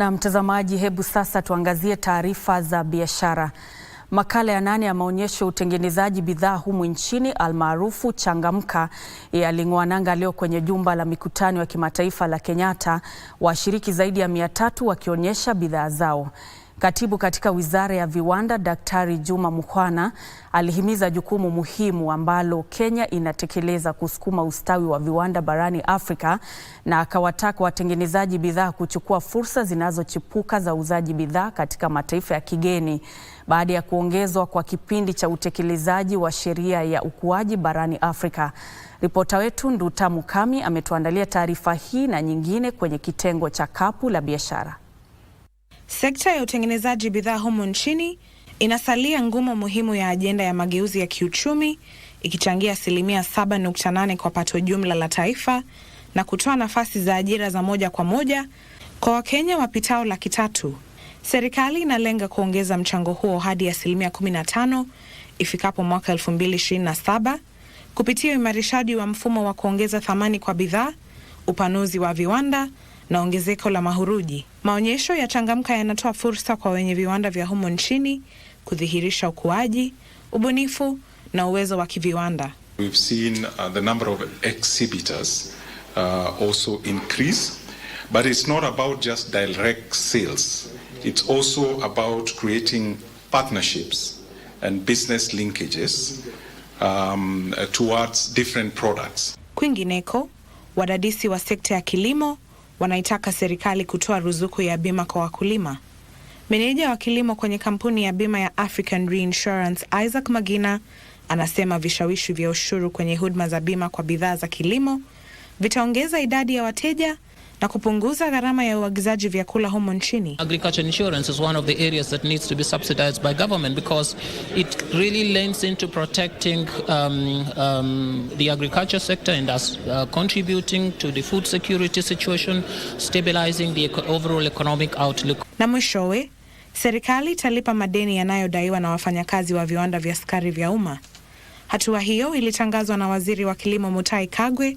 Na mtazamaji, hebu sasa tuangazie taarifa za biashara. Makala ya nane ya maonyesho ya utengenezaji bidhaa humu nchini almaarufu Changamka yaling'oa nanga leo kwenye jumba la mikutano ya kimataifa la Kenyatta, washiriki zaidi ya mia tatu wakionyesha bidhaa zao. Katibu katika Wizara ya Viwanda, Daktari Juma Mukhwana alihimiza jukumu muhimu ambalo Kenya inatekeleza kusukuma ustawi wa viwanda barani Afrika na akawataka watengenezaji bidhaa kuchukua fursa zinazochipuka za uuzaji bidhaa katika mataifa ya kigeni. Baada ya kuongezwa kwa kipindi cha utekelezaji wa sheria ya ukuaji barani Afrika. Ripota wetu Nduta Mukami ametuandalia taarifa hii na nyingine kwenye kitengo cha Kapu la Biashara. Sekta ya utengenezaji bidhaa humu nchini inasalia ngumo muhimu ya ajenda ya mageuzi ya kiuchumi ikichangia asilimia 7.8 kwa pato jumla la taifa na kutoa nafasi za ajira za moja kwa moja kwa Wakenya wapitao laki tatu. Serikali inalenga kuongeza mchango huo hadi asilimia 15 ifikapo mwaka 2027 kupitia uimarishaji wa mfumo wa kuongeza thamani kwa bidhaa, upanuzi wa viwanda na ongezeko la mahuruji. Maonyesho ya Changamka yanatoa fursa kwa wenye viwanda vya humo nchini kudhihirisha ukuaji, ubunifu na uwezo wa kiviwanda. We've seen, uh, the number of exhibitors, uh, also increase, but it's not about just direct sales. It's also about creating partnerships and business linkages, um, towards different products. Kwingineko, wadadisi wa sekta ya kilimo wanaitaka serikali kutoa ruzuku ya bima kwa wakulima. Meneja wa kilimo kwenye kampuni ya bima ya African Reinsurance, Isaac Magina, anasema vishawishi vya ushuru kwenye huduma za bima kwa bidhaa za kilimo vitaongeza idadi ya wateja na kupunguza gharama ya uagizaji vyakula humo nchini. Agriculture insurance is one of the areas that needs to be subsidized by government because it really lends into protecting um, um, the agriculture sector and as, uh, contributing to the food security situation, stabilizing the overall economic outlook. Na mwishowe serikali italipa madeni yanayodaiwa na wafanyakazi wa viwanda vya sukari vya umma. Hatua hiyo ilitangazwa na waziri wa kilimo Mutai Kagwe